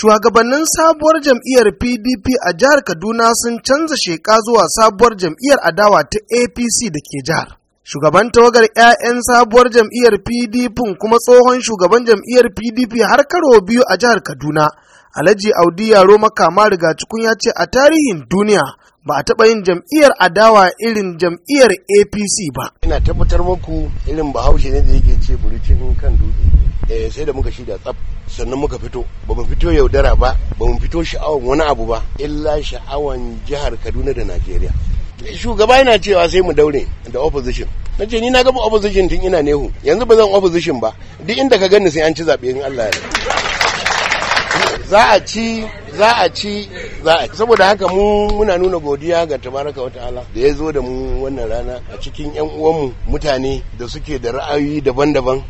shugabannin sabuwar jam'iyyar PDP a jihar Kaduna sun canza sheka zuwa sabuwar jam'iyyar adawa ta APC da ke jihar. Shugaban tawagar 'ya'yan sabuwar jam'iyyar PDP kuma tsohon shugaban jam'iyyar PDP har karo biyu a jihar Kaduna, Alhaji Audu Yaro Makama riga cikun ya ce a tarihin duniya ba a taɓa yin jam'iyyar adawa irin jam'iyyar apc ba ina tabbatar muku irin bahaushe ne da yake ce buricin kan dutse eh, sai da muka shida tsaf sannan muka fito ba mu fito yaudara ba ba mu fito sha'awan wani abu ba illa sha'awan jihar kaduna da najeriya shugaba yana cewa sai mu daure da opposition na ce ni na gaba opposition tun ina nehu yanzu ba zan opposition ba duk inda ka gani sai an ci zaɓe in allah ya za a ci za a ci za a ci saboda haka mu muna nuna godiya ga tabaraka wa ta'ala da ya zo da mu wannan rana a cikin yan uwanmu mutane da suke da ra'ayoyi daban-daban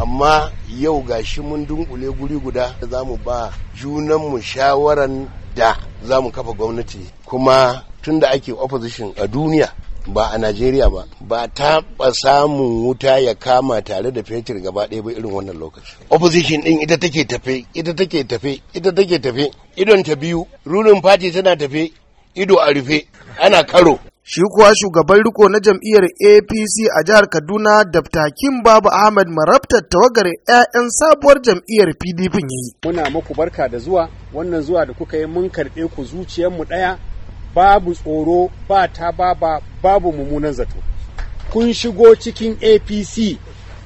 amma yau gashi mun dunkule guri guda da za mu ba junanmu shawaran da za mu kafa gwamnati kuma tun da ake opposition a duniya ba a najeriya ba ba taɓa samun wuta ya kama tare da fetur gaba ɗaya ba irin wannan lokaci opposition ɗin ita take tafe ita take tafe ita take tafe idon ta biyu ruling party tana tafe ido a rufe ana karo shi kuwa shugaban riko na jam'iyyar apc a jihar kaduna daftakin babu ahmad marabtar tawagar 'ya'yan sabuwar jam'iyyar pdp yi muna muku barka da zuwa wannan zuwa da kuka yi mun karɓe ku zuciyarmu ɗaya babu tsoro ba ta baba babu mummunan zato kun shigo cikin apc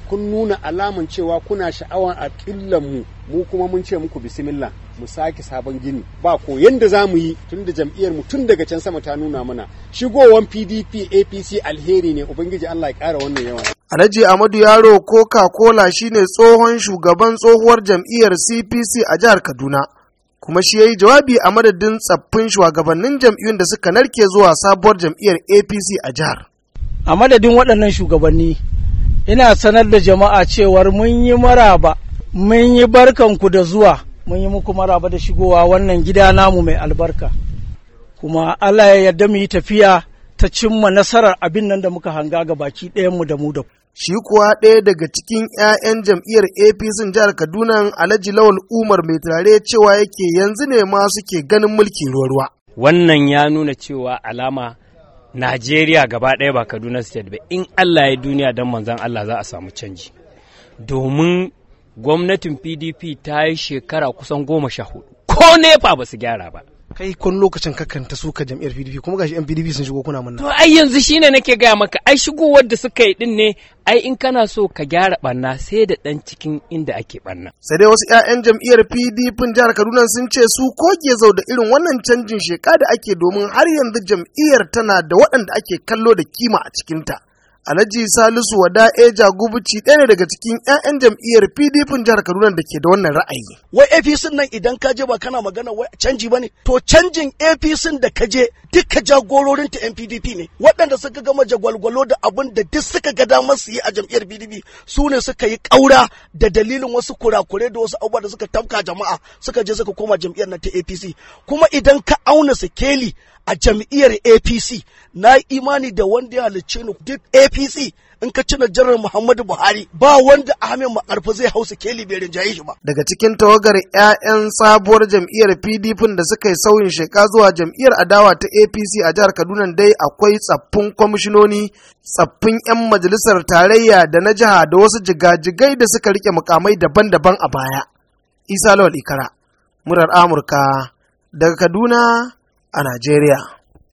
kun nuna alamun cewa kuna sha'awar a mu mu kuma mun ce muku bismillah mu sake sabon gini ba ko yadda za mu yi tun da jam'iyyar mu tun daga can sama ta nuna mana shigowar pdp apc alheri ne ubangiji allah ya kara wannan yawa alhaji amadu yaro coca cola shine tsohon shugaban tsohuwar jam'iyyar cpc a jihar kaduna kuma shi ya yi jawabi a madadin tsaffin shugabannin jam'iyyun da suka narke zuwa sabuwar jam'iyyar apc a jihar a madadin waɗannan shugabanni ina sanar da jama'a cewar mun yi maraba mun yi barkanku da zuwa mun yi muku maraba da shigowa wannan gida namu mai albarka kuma allah ya yarda mu yi tafiya ta cimma nasarar abin nan da muka hanga ga baki ɗayanmu da mu da ku shi kuwa ɗaya daga cikin 'ya'yan jam'iyyar apc jihar kaduna alhaji lawal umar mai turare cewa yake yanzu ne ma suke ganin mulkin ruwa wannan ya nuna cewa alama najeriya gaba ɗaya ba kaduna state ba in allah ya duniya don manzan allah za a samu canji domin gwamnatin pdp ta yi shekara kusan goma sha hudu ko NEPA ba su gyara ba kai kun lokacin kakanta suka jam'iyyar PDP kuma gashi yan PDP sun shigo kuna munna to ai yanzu shine nake gaya maka ai shigowar da suka yi din ne ai in kana so ka gyara barna sai da dan cikin inda ake barna sai dai wasu ƴaƴan jam'iyyar PDP jihar Kaduna sun ce su ke zau da irin wannan canjin sheka da ake domin har yanzu jam'iyyar tana da waɗanda ake kallo da kima a cikinta Alhaji Salisu Wada Eja Gubuci ɗaya daga cikin 'ya'yan jam'iyyar PDP jihar Kaduna da ke da wannan ra'ayi. Wai APC nan idan ka je ba kana magana wai canji ba ne? To canjin APC da ka je duka jagororin ta NPDP ne. Waɗanda suka gama jagwalgwalo da abin da duk suka ga damar su yi a jam'iyyar PDP su ne suka yi ƙaura da dalilin wasu kurakure da wasu abubuwa da suka tafka jama'a suka je suka koma jam'iyyar nan ta APC. Kuma idan ka auna sikeli a jam'iyyar apc na yi imani da wanda ya halicce ni duk apc in ka cina jiran muhammadu buhari ba wanda ahmed makarfi zai hausa keli bai rinjaye shi ba daga cikin tawagar 'ya'yan sabuwar jam'iyyar pdp da suka yi sauyin sheka zuwa jam'iyyar adawa ta apc a jihar kaduna dai akwai tsaffin kwamishinoni tsaffin 'yan majalisar tarayya da na jiha da wasu jigajigai da suka rike mukamai daban-daban a baya isa lawal ikara murar amurka daga kaduna a Nigeria.